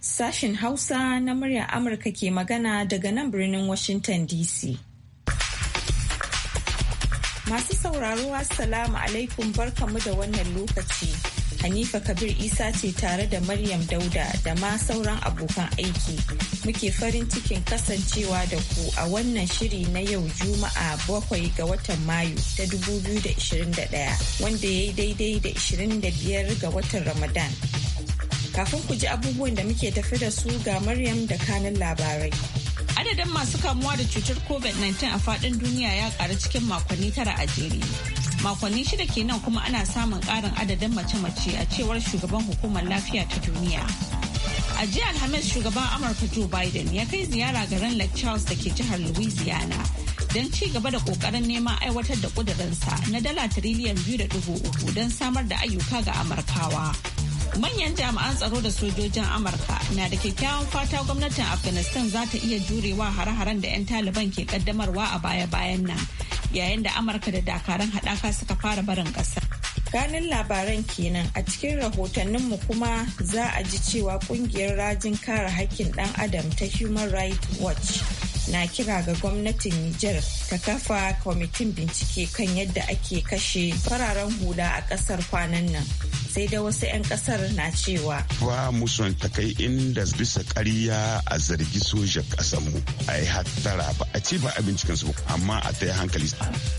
Sashen Hausa na murya Amurka ke magana daga nan birnin Washington DC. Masu sauraro, Assalamu alaikum barkamu da wannan lokaci. Hanifa Kabir Isa ce tare da Maryam Dauda da ma sauran abokan aiki. Muke farin cikin kasancewa da ku a wannan shiri na yau Juma'a bakwai ga watan Mayu ta 2021 wanda ya yi daidai da 25 ga watan Ramadan. Kafin ku ji abubuwan da muke tafi da su ga Maryam da kanin labarai. Adadin masu kamuwa da cutar COVID-19 a faɗin duniya ya ƙaru cikin makonni tara a jere. makonni shida kenan kuma ana samun karin adadin mace-mace a cewar shugaban hukumar lafiya ta duniya a jiya alhamis shugaban amurka joe biden ya kai ziyara garin lake charles da ke jihar louisiana don ci gaba da kokarin neman aiwatar da kudurinsa na dala tiriliyan biyu da dubu uku don samar da ayyuka ga amurkawa manyan jami'an tsaro da sojojin amurka na da kyakkyawan fata gwamnatin afghanistan za ta iya jurewa hare-haren da 'yan taliban ke kaddamarwa a baya-bayan nan yayin da amurka da dakaran haɗaka suka fara barin ƙasa ganin labaran kenan a cikin rahotanninmu kuma za a ji cewa kungiyar rajin kare haƙƙin ɗan adam ta human rights watch na kira ga gwamnatin Nijar ta kafa kwamitin bincike kan yadda ake kashe fararen hula a ƙasar kwanan nan. sai da wasu 'yan kasar na cewa. Ba mu son ta kai inda bisa ƙarya a zargi soja mu a yi hattara ba a ci ba a su amma a ta hankali.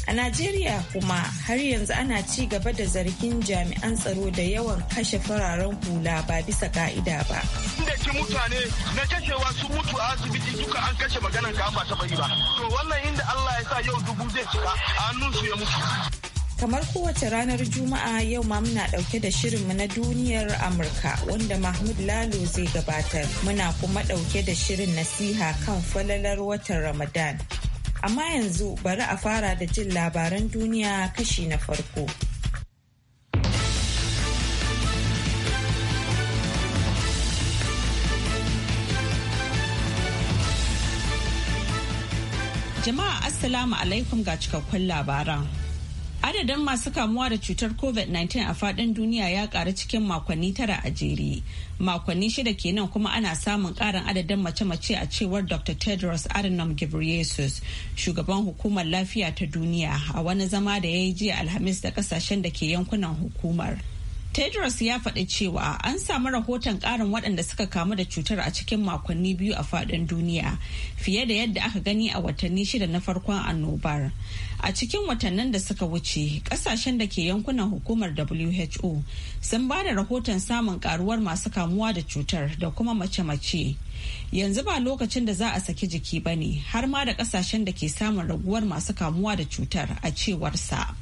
A Najeriya kuma har yanzu ana ci gaba da zargin jami'an tsaro da yawan kashe fararen hula ba bisa ka'ida ba. Inda ki mutane na kashewa su mutu a asibiti duka an kashe maganan ka ba ta bari ba. To wannan inda Allah ya sa yau dubu zai cika a hannun su ya mutu. Kamar kowace ranar Juma'a yau ma muna ɗauke da shirinmu na duniyar Amurka wanda Mahmud Lalo zai gabatar. Muna kuma ɗauke da shirin nasiha kan falalar watan Ramadan. Amma yanzu bari a fara da jin labaran duniya kashi na farko. Jama'a Assalamu alaikum ga cikakkun labaran. Adadin masu kamuwa da cutar COVID-19 a faɗin duniya ya ƙaru cikin makonni tara a jere. Makonni shida kenan kuma ana samun ƙarin adadin mace-mace a cewar Dr. Tedros Adhanom Ghebreyesus, shugaban hukumar lafiya ta duniya a wani zama da ya yi jiya Alhamis da kasashen da ke yankunan hukumar. Tedros ya faɗi cewa an samu rahoton ƙarin waɗanda suka kamu da cutar a cikin makonni biyu a faɗin duniya fiye da yadda aka gani a watanni shida na farkon annobar. A cikin watannin da suka wuce, ƙasashen da ke yankunan hukumar WHO sun ba da rahoton samun ƙaruwar masu kamuwa da cutar da kuma mace-mace. Yanzu ba lokacin da za a saki jiki ba ne, har ma da ƙasashen da ke samun raguwar masu kamuwa da cutar a cewarsa.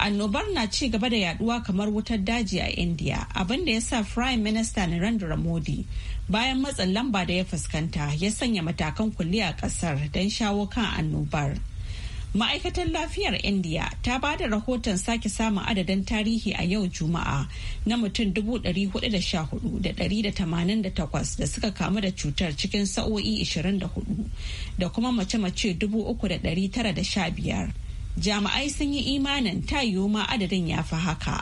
annobar na ci gaba da yaduwa kamar wutar daji a india abinda da ya sa prime minister narendra modi bayan matsin lamba da ya fuskanta ya sanya matakan kulli a kasar don shawo kan annobar ma'aikatar lafiyar india ta ba da rahoton sake samun adadin tarihi a yau juma'a na mutum 414,188 da suka kamu da cutar cikin sa'o'i 24 da kuma mace-mace 3,915 jami'ai sun yi imanin ta yiwu ma adadin ya fi haka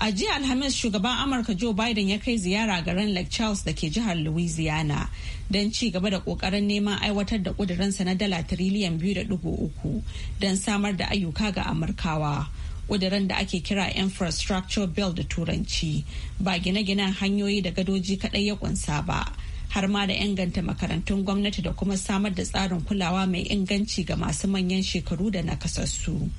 a jiya alhamis shugaban amurka joe biden ya kai ziyara garin lake charles da ke jihar louisiana don ci gaba da kokarin neman aiwatar da kudurinsa na dala triliyan biyu tiriliyan uku don samar da ayyuka ga amurkawa Kudurin da ake kira infrastructure bill da turanci ba gine-ginen hanyoyi da gadoji kadai ya kunsa ba har ma da inganta makarantun gwamnati da kuma samar da tsarin kulawa mai inganci ga masu manyan shekaru da nakasassu.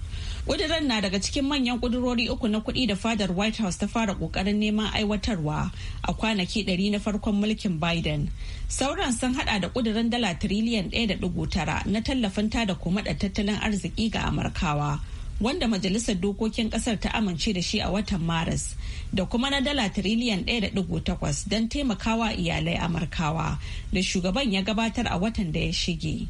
ƙudurar na daga cikin manyan ƙudurori uku na kuɗi da fadar White House ta fara ƙoƙarin neman aiwatarwa a kwanaki ɗari na farkon mulkin Biden. Sauran sun hada da ƙudurin dala tiriliyan ɗaya da ɗigo tara na tallafin tada kuma da tattalin arziki ga Amurkawa. wanda majalisar dokokin kasar ta amince da shi a watan maris da kuma na dala tiriliyan 1.8 don taimakawa iyalai amurkawa da shugaban ya gabatar a watan da ya shige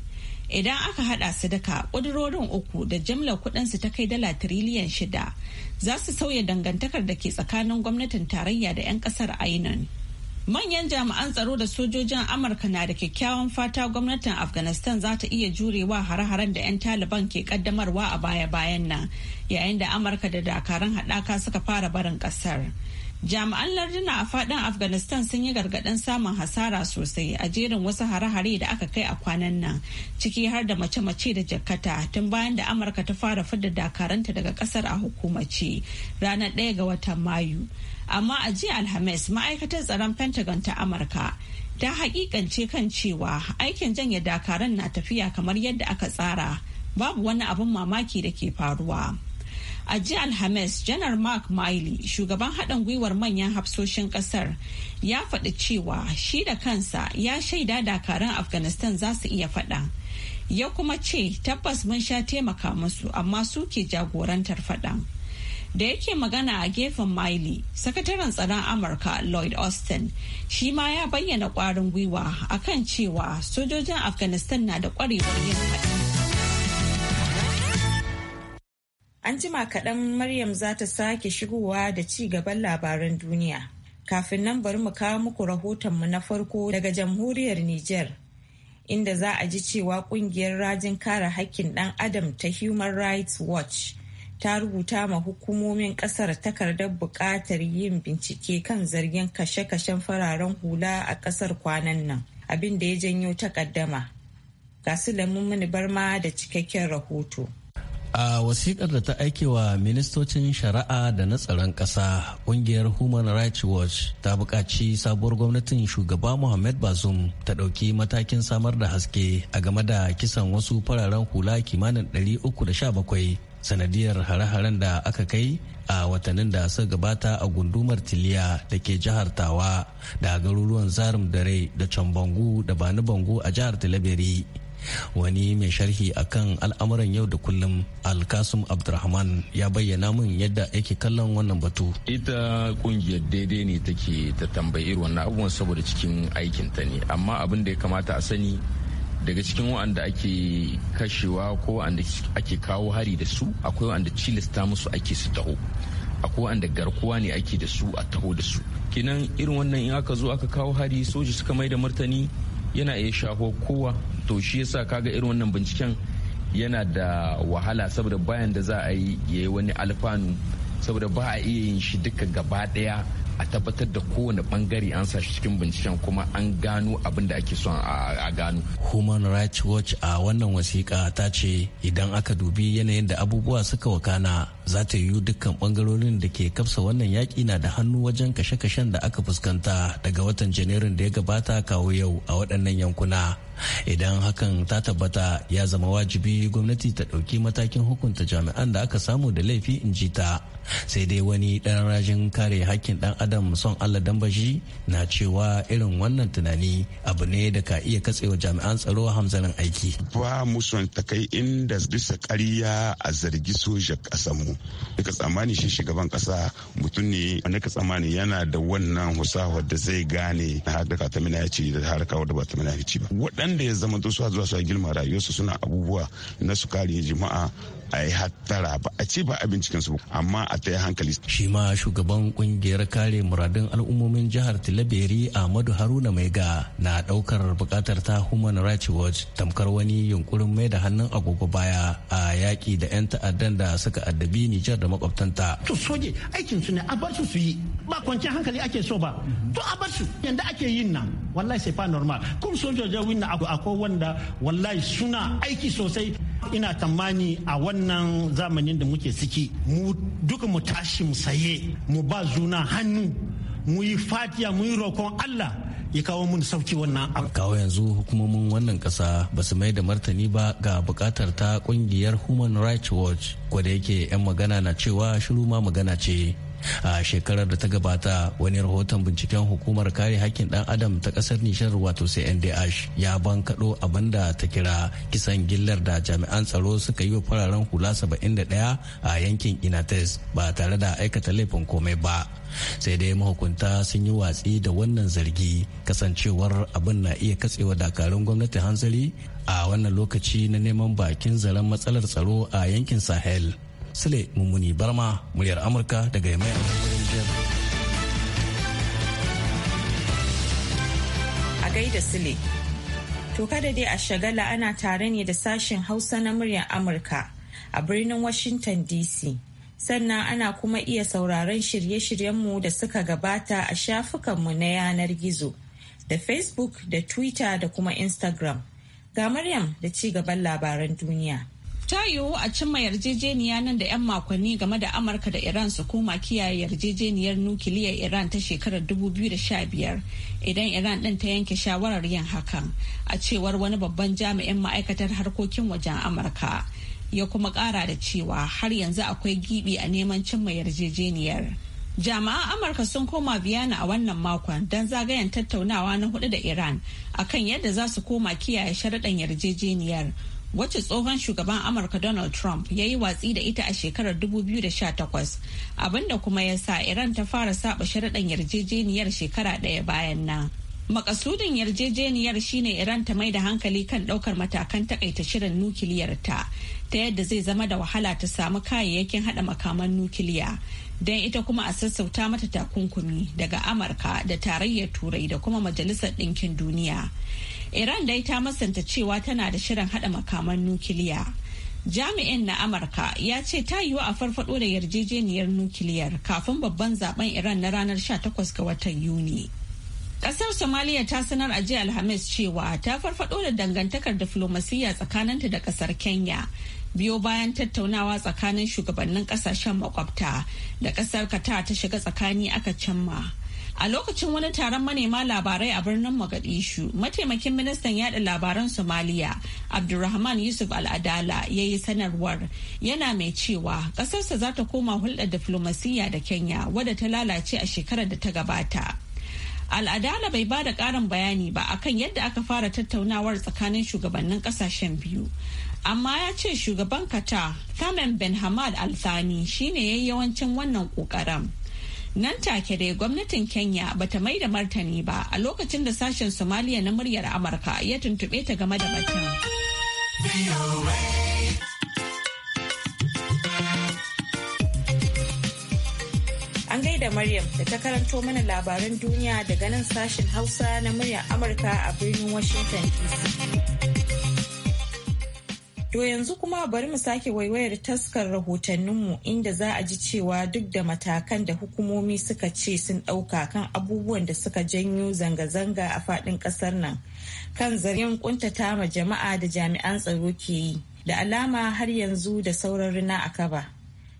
idan aka hada su duka kudurorin uku da jimlar kudinsu ta kai dala tiriliyan shida za su sauya dangantakar da ke tsakanin gwamnatin tarayya da 'yan kasar ainon Manyan jami'an tsaro da sojojin Amurka na da kyakkyawan fata gwamnatin Afghanistan za ta iya jurewa hare-haren da 'yan Taliban ke kaddamarwa a baya-bayan nan, yayin da Amurka da dakarun haɗaka suka fara barin ƙasar. Jami'an larduna a fadin Afghanistan sun yi gargaɗin samun hasara sosai a jerin wasu hare-hare da aka kai a kwanan nan, ciki har da mace-mace da jakkata tun bayan da Amurka ta fara fidda dakaranta daga ƙasar a hukumace ranar 1 ga watan Mayu. amma a jiya alhamis ma'aikatar tsaron pentagon ta amurka ta hakikance kan cewa aikin janye dakaran na tafiya kamar yadda aka tsara babu wani abin mamaki da ke faruwa a jiya alhamis janar mark miley shugaban haɗin gwiwar manyan hafsoshin ƙasar ya faɗi cewa shi da kansa ya shaida dakaran afghanistan za su iya faɗa ya kuma ce tabbas mun sha taimaka musu amma su ke jagorantar faɗan da yake magana a gefen miley sakataren tsaron amurka lloyd austin shi ma ya bayyana kwarin gwiwa a kan cewa sojojin afghanistan na da kwarewar yin haɗin an jima kaɗan maryam za ta sake shigowa da ci gaban labaran duniya kafin nan bari mu kawo muku rahoton mu na farko daga jamhuriyar niger inda za a ji cewa kungiyar rajin kare haƙƙin ɗan adam ta human rights watch ta rubuta ma hukumomin kasar takardar buƙatar yin bincike kan zargin kashe-kashen fararen hula a kasar kwanan nan abin da ya janyo takaddama ga su mini barma da cikakken rahoto a wasikar da ta aike wa ministocin shari'a da na tsaron ƙasa ƙungiyar human rights watch ta buƙaci sabuwar gwamnatin shugaba muhammad bazoum ta ɗauki matakin samar da haske a game da kisan wasu fararen hula kimanin 317 sanadiyar hare-haren da aka kai a watannin da suka gabata a gundumar tiliya da ke jihar tawa da garuruwan zarum dare da can bangu da bani bango a jihar talabiri wani mai sharhi akan al'amuran yau da kullum alkasum abdurrahman ya bayyana min yadda yake kallon wannan batu ita kungiyar daidai ne take ta tambayi irin wannan abubuwan saboda cikin aikinta ne amma abin da ya kamata a sani daga cikin wa'anda ake kashewa ko wa'anda ake kawo hari da su akwai wa'anda cilista musu ake su taho akwai wa'anda garkuwa ne ake da su a taho da su kinan irin wannan in aka zo aka kawo hari soji suka mai da martani yana iya shafo kowa to shi yasa kaga irin wannan binciken yana da wahala saboda bayan da za a yi ya yi wani alfanu saboda ba a iya yin shi duka gaba ɗaya a tabbatar da kowane bangare an sa cikin binciken kuma an gano abin da ake son a gano human rights watch a wannan wasiƙa ta ce idan aka dubi yanayin da abubuwa suka wakana za ta yiwu dukkan bangarorin da ke kafsa wannan yaƙi na da hannu wajen kashe-kashen da aka fuskanta daga watan janairun da ya gabata kawo yau a waɗannan yankuna idan hakan ta tabbata ya zama wajibi gwamnati ta ɗauki matakin hukunta jami'an da aka samu da laifi in ji ta sai dai wani ɗan rajin kare hakkin ɗan adam son allah dambashi na cewa irin wannan tunani abu ne da ka iya katsewa jami'an tsaro hamzarin aiki ba mu son ta kai inda bisa ƙarya a zargi soja ƙasar mu daga tsammani shi shugaban ƙasa mutum ne wani ka tsammani yana da wannan husahar da zai gane harkar ta mina ya ce da harkar da ba ta mina ya ce ba da ya zama su zuwa su girma rayuwarsu suna abubuwa na sukari jima'a a yi hattara ba a ce ba a su amma a ta hankali. shi ma shugaban kungiyar kare muradun al'ummomin jihar tilaberi ahmadu haruna maiga na daukar bukatar ta human rights watch tamkar wani yunkurin mai da hannun agogo baya a yaki da 'yan ta'addan da suka addabi nijar da makwabtanta. to soje aikin su ne a bar su su yi ba kwanciyar hankali ake so ba to a bar su yanda ake yin nan wallahi sai fa normal kun sojoji wina akwai wanda wallahi suna aiki sosai ina tamani a wannan zamanin da muke siki mu duka mu tashi mu saye mu ba juna hannu mu yi fatiya mu yi roƙon Allah ya kawo mun sauki wannan abu. Kawo yanzu hukumomin wannan kasa ba su mai da martani ba ga bukatar ta kungiyar Human Rights Watch ko yake 'yan magana na cewa shiru ma magana ce a shekarar da ta gabata wani rahoton binciken hukumar kare hakkin dan adam ta kasar nishar wato cndh ya bankaɗo abin da ta kira kisan gillar da jami'an tsaro suka yi wa fararen hula 71 a yankin inates ba tare da aikata laifin komai ba sai dai mahukunta sun yi watsi da wannan zargi kasancewar abin na iya katsewa dakarun gwamnati hanzari a wannan lokaci na neman bakin zaren matsalar tsaro a yankin sahel Sule Mummuni Barma, muryar Amurka daga Yamai a A gaida Sule. To kada dai a shagala ana tare ne da sashen Hausa na muryar Amurka a birnin Washington DC. Sannan ana kuma iya sauraron shirye-shiryenmu da suka gabata a shafukanmu na yanar gizo da Facebook da Twitter da kuma Instagram. Ga Maryam da ci gaban labaran duniya. ta yiwu a cimma yarjejeniya nan da 'yan makonni game da amurka da iran su koma kiyaye yarjejeniyar nukiliyar iran ta shekarar 2015 idan iran din ta yanke shawarar yin hakan a cewar wani babban jami'in ma'aikatar harkokin wajen amurka ya kuma kara da cewa har yanzu akwai gibi a neman cimma yarjejeniyar jami'an amurka sun koma biyana a wannan makon don zagayen tattaunawa na hudu da iran akan yadda za su koma kiyaye sharaɗin yarjejeniyar wacce tsohon shugaban amurka donald trump ya yi watsi da ita a shekarar 2018 abinda kuma ya sa iran ta fara saba sharaɗin yarjejeniyar shekara ɗaya bayan nan makasudin yarjejeniyar shine iran ta mai da hankali kan ɗaukar matakan takaita shirin nukiliyar ta ta yadda zai zama da wahala ta samu kayayyakin hada makaman nukiliya don ita kuma a sassauta mata takunkumi daga amurka da tarayyar turai da kuma majalisar ɗinkin duniya Iran dai ta masanta cewa tana da shirin hada makaman nukiliya. Jami'in na Amurka ya ce ta yiwu a farfado da yarjejeniyar nukiliyar kafin babban zaben Iran na ranar 18 ga watan Yuni. Kasar Somaliya ta sanar a jiya Alhamis cewa ta farfado da dangantakar diflomasiyya tsakaninta da kasar Kenya. biyo bayan tattaunawa tsakanin shugabannin kasashen makwabta da kasar Qatar ta shiga tsakani aka cimma. A lokacin wani taron manema labarai a birnin Mogadishu, mataimakin ministan yada labaran Somaliya, Abdulrahman Yusuf Al'adala ya yi sanarwar yana mai cewa ƙasarsa za ta koma hulɗar diflomasiyya da Kenya wadda ta lalace a shekarar da ta gabata. Al'adala bai ba da ƙarin bayani ba akan yadda aka fara tattaunawar tsakanin shugabannin ƙasashen biyu. amma ya ce shugaban kata Thamen Ben Hamad Al-Thani shine yayi yawancin wannan kokarin. Nan take dai gwamnatin Kenya bata mai da martani ba a lokacin da sashen Somaliya na muryar Amurka ya tuntuɓe ta game da batun. An gaida Maryam da ta karanto mana labaran duniya daga nan sashen Hausa na muryar Amurka a birnin Washington DC. To yanzu kuma bari mu sake waiwayar taskar rahotanninmu inda za a ji cewa duk da matakan da hukumomi suka ce sun ɗauka kan abubuwan da suka janyo zanga-zanga a faɗin ƙasar nan kan zargin kuntata ma jama'a da jami'an tsaro ke yi da alama har yanzu da sauran rina a kaba.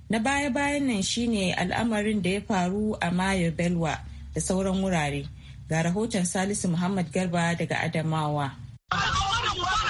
Na baya-bayan nan shine al'amarin da ya faru a Mayo Belwa da sauran wurare. Ga rahoton Salisu Muhammad Garba daga Adamawa.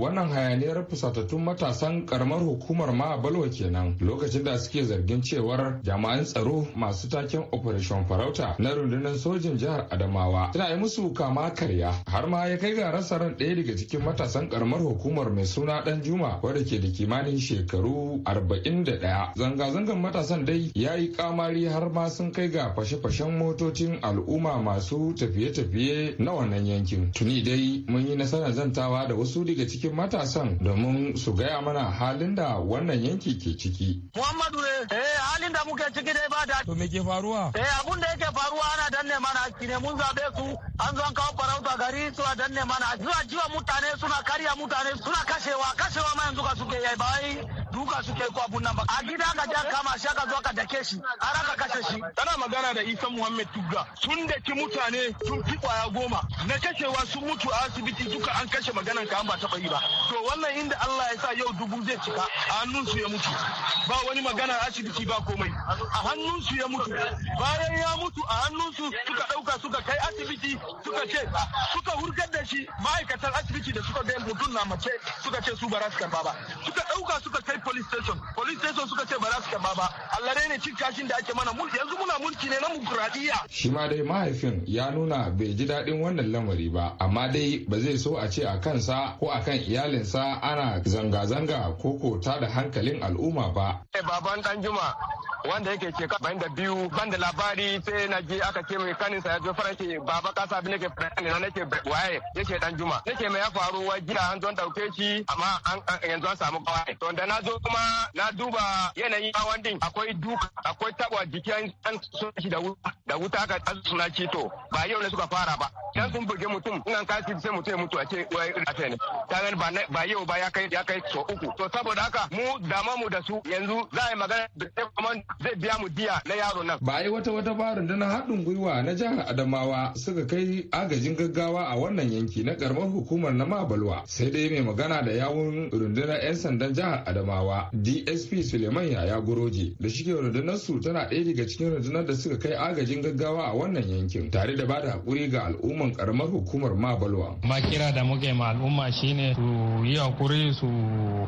wannan hayaniyar fusatattun matasan karamar hukumar ma balwa kenan lokacin da suke zargin cewar jami'an tsaro masu taken operation farauta na rundunar sojin jihar adamawa suna yi musu kama karya har ma ya kai ga rasa ran ɗaya daga cikin matasan karamar hukumar mai suna dan juma wadda ke da kimanin shekaru arba'in da 41 zanga-zangan matasan dai ya yi kamari har ma sun kai ga fashe-fashen motocin al'umma masu tafiye-tafiye na wannan yankin tuni dai mun yi nasarar zantawa da wasu daga cikin cikin matasan domin su gaya mana halin da wannan yanki ke ciki. Muhammadu ne, eh halin da muke ciki dai ba da. To me ke faruwa? Eh abun da yake faruwa ana danne mana haƙƙi ne mun zabe su an zo an kawo farauta gari su a danne mana zuwa jiwa mutane suna karya mutane suna kashewa kashewa ma yanzu ka suke yai ba duka su kai ko abun nan ba a gida ka ja kama shi aka zo ka dake shi har aka kashe shi tana magana da Isa Muhammad Tugga sun daki mutane sun fi kwaya goma na kashewa sun mutu a asibiti duka an kashe maganan ka an ba taba yi ba to wannan inda Allah ya sa yau dubu zai cika a hannun su ya mutu ba wani magana asibiti ba komai a hannun su ya mutu bayan ya mutu a hannun su suka dauka suka kai asibiti suka ce suka hurgar da shi ma'aikatan asibiti da suka ga mutum na mace suka ce su ba su karba ba suka dauka suka kai police station police station suka ce ba za su kaba ba Allah ne cin kashin da ake mana mulki yanzu muna mulki ne na mukuradiya shi ma dai mahaifin ya nuna bai ji dadin wannan lamari ba amma dai ba zai so a ce a kansa ko a kan iyalinsa ana zanga-zanga ko ko ta da hankalin al'umma ba eh, baban dan juma wanda yake ce ban da biyu ban da labari sai na je aka ce mai kanin sa ya zo faranki baba kasa abin nake faranki na nake waye yake dan juma nake mai ya faru wai gida an zo dauke shi amma yanzu an samu kawai to da na zo kuma na duba yanayin hawan din akwai duka akwai taba jikin an sun shi da wuta ka tsaye ka suna ceto ba yau ne suka fara ba dan sun burge mutum in an kasi sai mutum ya mutu a ce wai ne ta gani ba yau ba ya kai ya kai so uku to saboda haka mu dama mu da su yanzu za a yi magana da zai biya mu diya na yaro nan ba a yi wata wata ba rundunar haɗin gwiwa na jihar Adamawa suka kai agajin gaggawa a wannan yanki na karamar hukumar na Mabalwa sai dai mai magana da yawun rundunar 'yan sandan jihar Adamawa jigawa dsp suleiman yaya goroje da shige rundunar su tana ɗaya daga cikin rundunar da suka kai agajin gaggawa a wannan yankin tare da bada hakuri ga al'umman karamar hukumar mabalwa ma kira da muke ma al'umma shine su yi hakuri su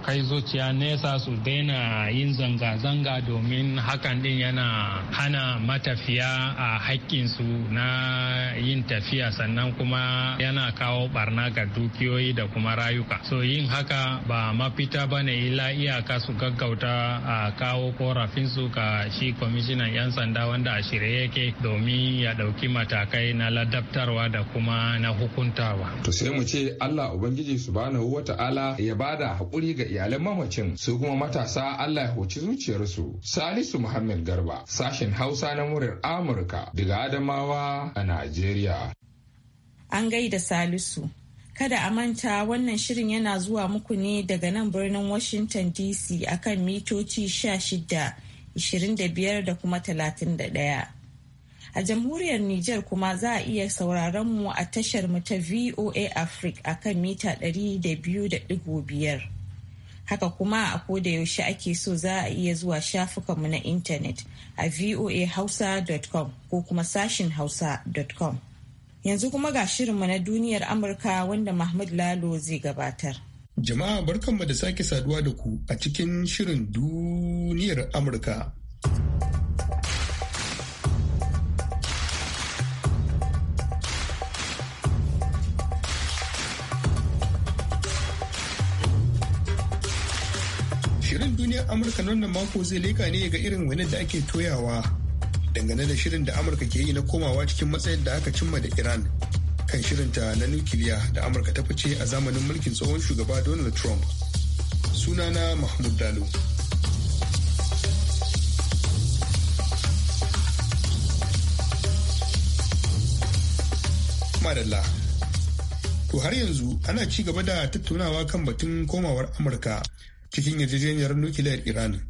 kai zuciya nesa su daina yin zanga-zanga domin hakan din yana hana matafiya a hakkin su na yin tafiya sannan kuma yana kawo barna ga dukiyoyi da kuma rayuka so yin haka ba mafita ba ne ila iya haka su gaggauta a kawo korafinsu ka shi kwamishinan 'yan sanda wanda a shirye yake domin ya dauki matakai na ladabtarwa da kuma na hukuntawa. To sai mu ce Allah Ubangiji subhanahu wa ta'ala ya bada haƙuri ga iyalan mamacin su kuma matasa Allah ya hoci zuciyarsu. Salisu Muhammad Garba sashen Hausa na muryar Amurka daga Adamawa a Najeriya. An gaida Salisu. Kada a manta wannan shirin yana zuwa muku ne daga nan birnin Washington DC akan mitoci 16, 25 da kuma 31. A jamhuriyar Nijar kuma za a iya sauraron mu a tashar mu ta VOA Africa akan mita 200.5. Haka kuma a koda yaushe ake so za a iya zuwa shafukanmu na intanet a voahausa.com ko kuma sashin hausa.com. Yanzu kuma ga shirinmu na duniyar Amurka wanda Mahmud Lalo zai gabatar. Jama'a barkanmu da sake saduwa da ku a cikin shirin duniyar Amurka. Shirin duniyar Amurka nan mako zai leka ne ga irin wani da ake toyawa dangane da shirin da amurka ke yi na komawa cikin matsayin da aka cimma da iran kan shirinta na nukiliya da amurka ta fice a zamanin mulkin tsohon shugaba donald trump sunana mahmud dalo madalla to har yanzu ana ci gaba da tattaunawa kan batun komawar amurka cikin yarjejeniyar nukiliyar iran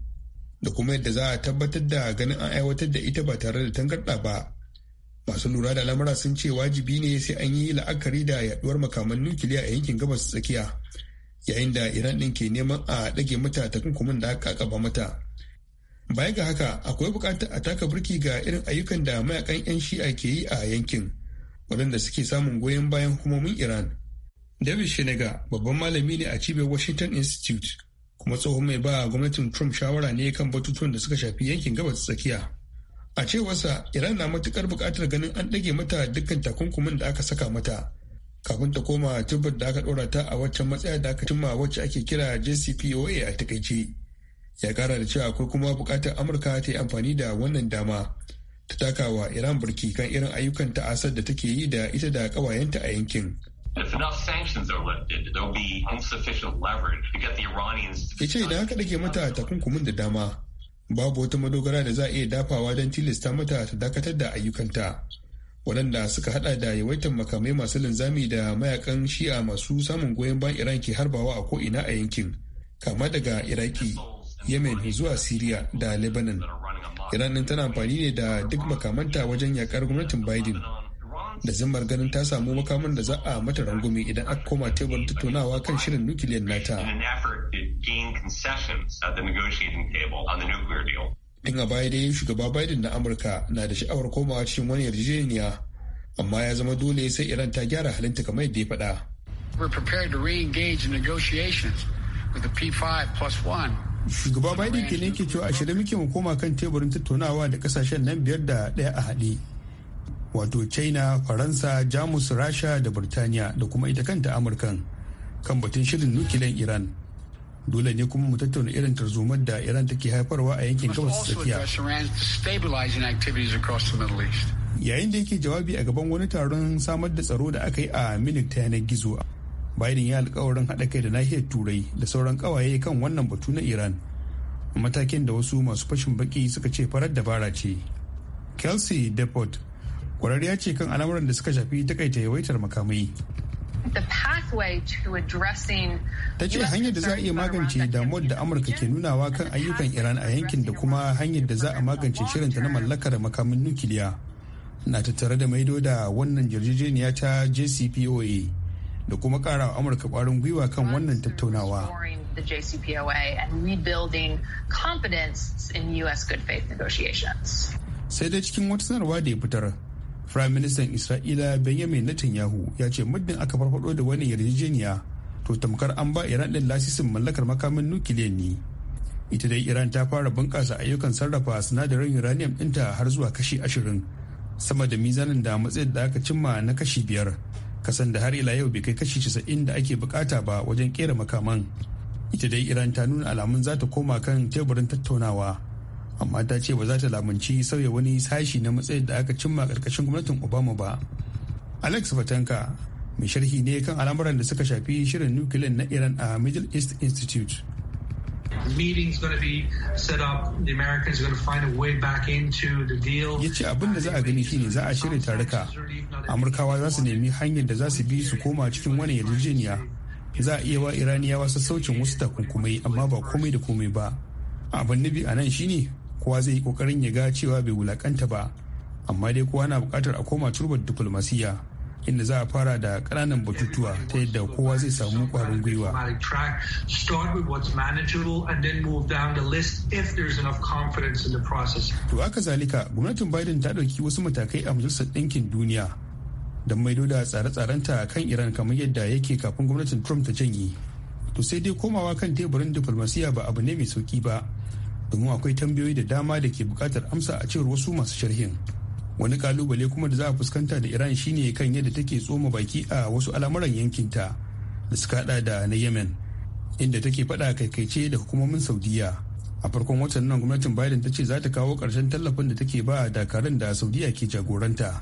da kuma yadda za a tabbatar da ganin an aiwatar da ita ba tare da tangarɗa ba masu lura da lamura sun ce wajibi ne sai an yi la'akari da yaduwar makaman nukiliya a yankin gabas tsakiya yayin da iran ɗin ke neman a ɗage mata takunkumin da aka kaba mata baya ga haka akwai buƙatar a taka birki ga irin ayyukan da mayakan 'yan shi'a ke yi a yankin waɗanda suke samun goyon bayan hukumomin iran david shenega babban malami ne a cibiyar washington institute kuma tsohon mai ba gwamnatin trump shawara ne kan batutuwan da suka shafi yankin gabas tsakiya a cewarsa iran na matukar buƙatar ganin an ɗage mata dukkan takunkumin da aka saka mata kafin ta koma tubar da aka ɗora ta a waccan matsaya da aka cimma wacce ake kira jcpoa a takaice ya kara da cewa akwai kuma buƙatar amurka ta yi amfani da wannan dama ta takawa iran burki kan irin ayyukan ta'asar da take yi da ita da ƙawayenta a yankin If enough sanctions are lifted, there'll be insufficient leverage to get the Iranians to... idan aka dage mata takunkumin da dama, babu wata madogara da za a iya dafawa don tilasta mata ta dakatar da ayyukanta. waɗanda suka hada da yawaitar makamai masu linzami da mayakan shi'a masu samun goyon bayan iran ke harbawa a ko'ina a yankin kama daga iraki yemen zuwa syria da lebanon iran din tana amfani ne da duk makamanta wajen yakar gwamnatin biden da zimmar ganin ta samu makaman da za a mata rangumi idan aka koma teburin tattaunawa kan shirin nukiliyar nata. Tun a baya dai shugaba Biden na Amurka na da sha'awar komawa cikin wani yarjejeniya amma ya zama dole sai Iran ta gyara halinta kamar yadda ya faɗa. Shugaba Biden ke ne ke cewa a shirye muke mu koma kan teburin tattaunawa da kasashen nan biyar da ɗaya a haɗe. wato china faransa jamus rasha da birtaniya da kuma ita kanta amurkan kan batun shirin nukilan iran dole ne kuma mu tattauna irin tarzomar da iran take haifarwa a yankin gabas tsakiya yayin da yake jawabi a gaban wani taron samar da tsaro da aka yi a minik ta yanar gizo biden ya alkawarin haɗa kai da nahiyar turai da sauran kawaye kan wannan batu na iran matakin da wasu masu fashin baki suka ce farar dabara ce kelsey depot ya ce kan al'amuran da suka shafi takaita yawaitar makamai ta ce hanyar da za a iya magance damuwar da amurka ke nunawa kan ayyukan iran a yankin da kuma hanyar da za a magance shirinta na mallakar makamin nukiliya na tattare da maido da wannan yarjejeniya ta jcpoa da kuma kara wa amurka kwarin gwiwa kan wannan tattaunawa sai dai cikin wata sanarwa da ya fitar Prime Minister Isra'ila Benjamin Netanyahu ya ce muddin aka farfado da wani yarjejeniya to tamkar an ba Iran din lasisin mallakar makamin nukiliya ne. Ita dai Iran ta fara bunƙasa ayyukan sarrafa sinadarin uranium ɗinta har zuwa kashi ashirin sama da mizanin da matsayin da aka cimma na kashi biyar kasan da har ila yau bai kai kashi casa'in da ake bukata ba wajen kera makaman. Ita dai Iran ta nuna alamun za ta koma kan teburin tattaunawa amma ta ce ba za ta lamunci sauya wani sashi na matsayin da aka cimma karkashin gwamnatin obama ba alex fatanka mai sharhi ne kan al'amuran da suka shafi shirin nukiliyan na iran a middle east institute ya ce abin da za a gani shine za a shirya taruka amurkawa za su nemi hanyar da za su bi su koma cikin wani yarjejeniya za a iya wa iraniyawa sassaucin wasu takunkumai amma ba komai da komai ba abin nufi a nan shi ne. kowa zai yi kokarin ya ga cewa bai wulakanta ba amma dai kowa na bukatar a koma turbar diplomasiya inda za a fara da kananan batutuwa ta yadda kowa zai samu kwarin gwiwa. To aka zalika gwamnatin Biden ta ɗauki wasu matakai a majalisar ɗinkin duniya don maido da tsare-tsarenta kan Iran kamar yadda yake kafin gwamnatin Trump ta janye. To sai dai komawa kan teburin diflomasiya ba abu ne mai sauki ba. domin akwai tambayoyi da dama da ke bukatar amsa a cewar wasu masu sharhin wani kalubale kuma da za a fuskanta da iran shine kan yadda take tsoma baki a wasu al'amuran yankinta da suka hada da na yemen inda take faɗa kaikaice da hukumomin saudiya a farkon watan nan gwamnatin biden ta ce za ta kawo ƙarshen tallafin da take ba dakarun da saudiya ke jagoranta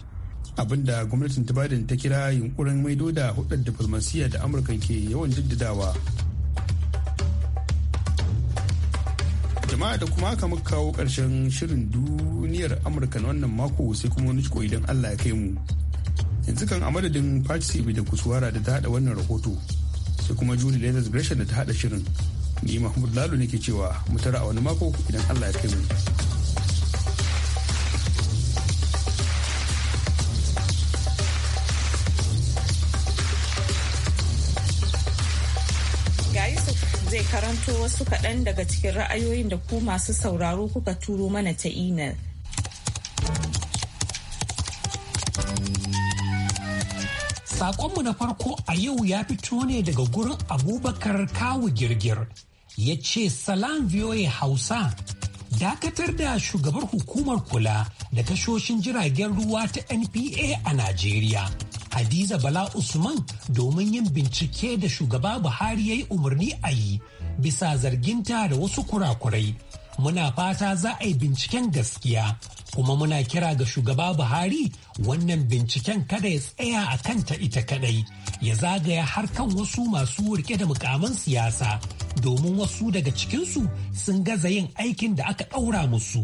abinda gwamnatin ta biden ta kira yunkurin maido da hudar diflomasiyya da amurka ke yawan jaddadawa jama'a da kuma aka muka kawo ƙarshen shirin duniyar amurka na wannan mako sai kuma wani ciko idan allah ya kai mu yanzu kan a madadin fatisibi da kusuwara da ta haɗa wannan rahoto sai kuma juli latest gresham da ta haɗa shirin ni mahmud lalu ke cewa mu tara a wani mako idan allah ya kai mu. karanto wasu kaɗan daga cikin ra'ayoyin da ku masu sauraro kuka turo mana ta imel. Saƙonmu na farko a yau ya fito ne daga gurin abubakar kawu girgir ya ce salam voa hausa dakatar da shugabar hukumar kula da tashoshin jiragen ruwa ta npa a najeriya hadiza bala usman domin yin bincike da shugaba buhari ya yi umarni a yi bisa zarginta da wasu kurakurai muna fata za a yi binciken gaskiya kuma muna kira ga shugaba buhari wannan binciken kada ya tsaya a kanta ita kadai ya zagaya har kan wasu masu rike da mukaman siyasa domin wasu daga cikinsu sun gaza yin aikin da aka ɗaura musu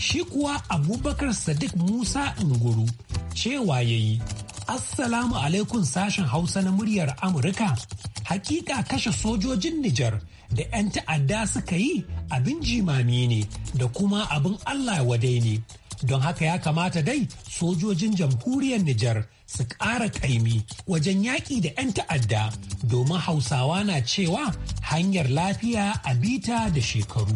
shi kuwa abubakar sadiq musa inguru cewa ya yi assalamu alaikum sashen hausa na muryar amurka hakika kashe sojojin Nijar da 'yan ta'adda suka yi abin jimami ne da kuma abin Allah wadai ne. Don haka ya kamata dai sojojin jamhuriyar Nijar su ƙara ƙaimi wajen yaƙi da 'yan ta'adda domin Hausawa na cewa hanyar lafiya a bita da shekaru.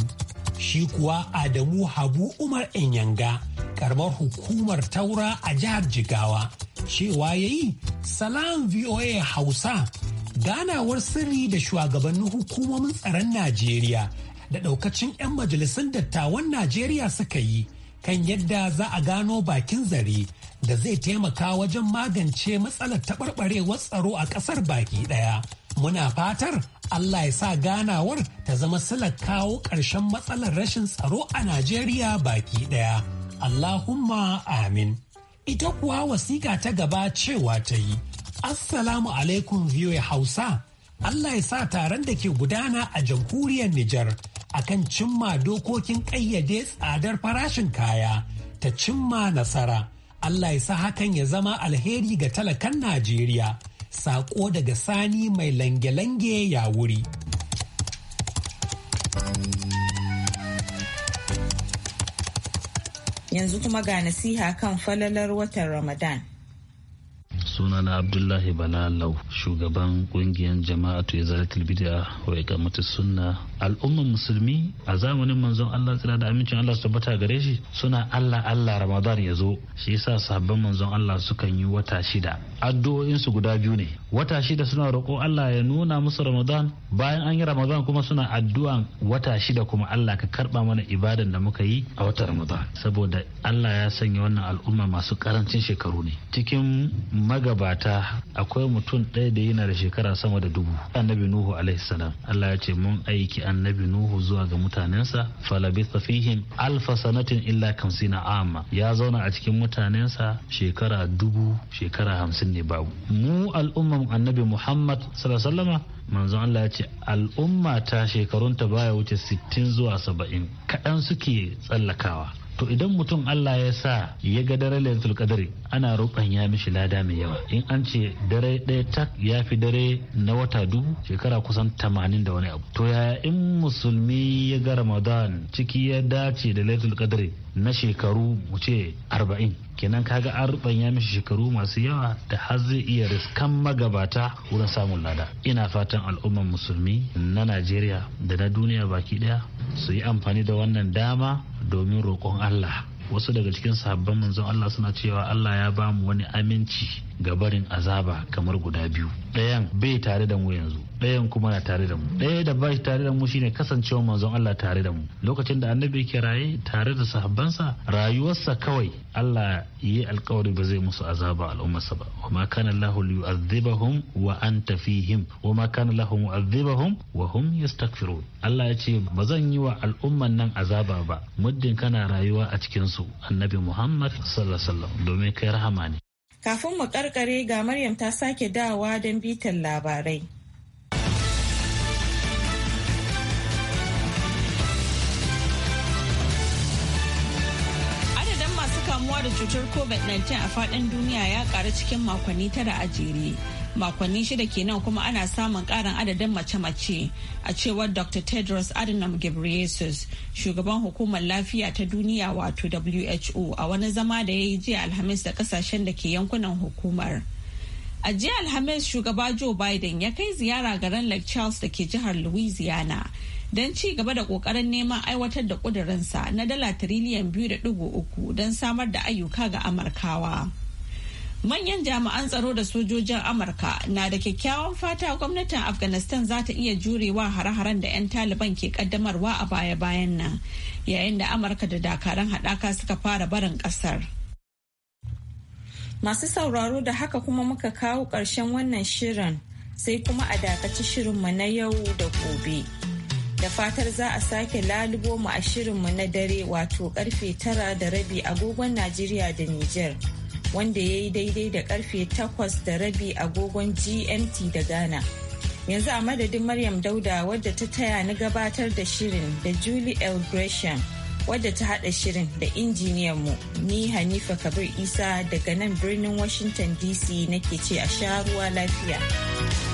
Shi kuwa Adamu Habu Umar Inyanga ƙaramar hukumar taura a jihar Jigawa, cewa ya yi Salam VOA Hausa ganawar sirri da shugabannin hukumomin tsaron najeriya da ɗaukacin 'yan majalisun dattawan najeriya suka yi kan yadda za a gano bakin zare da zai taimaka wajen magance matsalar taɓarɓarewar tsaro a ƙasar baki ɗaya. Muna fatar Allah ya sa ganawar ta zama silar kawo ƙarshen matsalar rashin tsaro a Najeriya baki ɗaya. Allahumma amin. Ita kuwa wasiƙa ta gaba cewa ta yi. Assalamu alaikum VOA Hausa. Allah ya sa taron da ke gudana a jamhuriyar Nijar a kan cimma dokokin ƙayyade tsadar farashin kaya ta cimma nasara. Allah ya sa hakan ya zama alheri ga talakan Najeriya. Saƙo daga sani mai lange-lange ya wuri. Yanzu kuma ga nasiha kan falalar watan Ramadan. sunana abdullahi balalau shugaban kungiyar jama'atu ya zaratul bid'a wa kamata sunna al'umman musulmi a zamanin manzon Allah tsira da amincin Allah su tabbata gare shi suna Allah Allah Ramadan ya zo shi yasa sahabban manzon Allah sukan yi wata shida addu'o'in su guda biyu ne wata shida suna roƙo Allah ya nuna musu Ramadan bayan an yi Ramadan kuma suna addu'an wata shida kuma Allah ka karba mana ibadan da muka yi a wata Ramadan saboda Allah ya sanya wannan al'umma masu karancin shekaru ne cikin magabata akwai mutum ɗaya da yana da shekara sama da dubu annabi Nuhu alaihi salam Allah ya ce mun aiki an annabi nuhu zuwa ga mutanensa falabitha fihim alfa sanatin illa kamsina ama ya zauna a cikin mutanensa shekara dubu shekara hamsin ne babu mu al'umman annabi muhammad sallallahu manzon Allah ya ce al'umma ta shekarunta baya wuce 60 zuwa 70 kaɗan suke tsallakawa to idan mutum Allah ya sa ya ga dare lailatul kadari ana ya mishi lada mai yawa in an ce dare ɗaya tak ya fi dare na wata dubu shekara kusan tamanin da wani abu to yaya in musulmi ya ga ramadan ciki ya dace da lailatul qadri na shekaru mu ce arba'in kenan kaga an rubanya mishi shekaru masu yawa da har zai iya riskan magabata wurin samun lada ina fatan al'ummar musulmi na najeriya da na duniya baki daya su yi amfani da wannan dama domin roƙon allah wasu daga cikin sahabban manzon allah suna cewa allah ya bamu wani aminci ga barin azaba kamar guda biyu ɗayan bai tare da mu yanzu ɗayan kuma na tare da mu ɗaya da bai tare da mu shine kasancewa manzon Allah tare da mu lokacin da annabi yake raye tare da sahabbansa rayuwarsa kawai Allah yi alkawari ba zai musu azaba al'ummarsa ba wa ma kana Allah yu'adhibahum wa anta fihim wa ma kana Allah mu'adhibahum wa hum yastaghfirun Allah ya ce ba zan yi wa al'umman nan azaba ba muddin kana rayuwa a cikin su annabi Muhammad sallallahu alaihi wasallam domin kai rahama ne Kafin mu karkare ga Maryam ta sake dawa don bitan labarai. Adadin masu kamuwa da cutar COVID-19 a faɗin duniya ya ƙaru cikin makonni tara a jere. makonni shida kenan kuma ana samun karin adadin mace-mace a cewar dr tedros adhanom ghebreyesus shugaban hukumar lafiya ta duniya wato who a wani zama da ya yi jiya alhamis da kasashen da ke yankunan hukumar a jiya alhamis shugaba joe biden ya kai ziyara garin lake charles da ke jihar louisiana don ci gaba da kokarin neman aiwatar da kudurinsa na dala tiriliyan biyu da uku don samar da ayyuka ga amurkawa. manyan jami'an tsaro da sojojin amurka na da kyakkyawan fata gwamnatin afghanistan za ta iya jurewa hare-haren da 'yan taliban ke kaddamarwa a baya-bayan nan yayin da amurka da dakaran haɗaka suka fara barin ƙasar masu sauraro da haka kuma muka kawo ƙarshen wannan shirin sai kuma a dakaci shirinmu na yau da gobe da fatar za a sake lalubo mu a shirinmu na dare wato karfe tara da rabi agogon najeriya da Nijar. wanda ya yi daidai da karfe takwas da rabi agogon GMT da Ghana. Yanzu a madadin Maryam Dauda wadda ta taya ni gabatar da shirin da Julie L. Gresham wadda ta hada shirin da injiniyan mu ni Hanifa Kabir Isa daga nan birnin Washington DC nake ce a sha ruwa lafiya.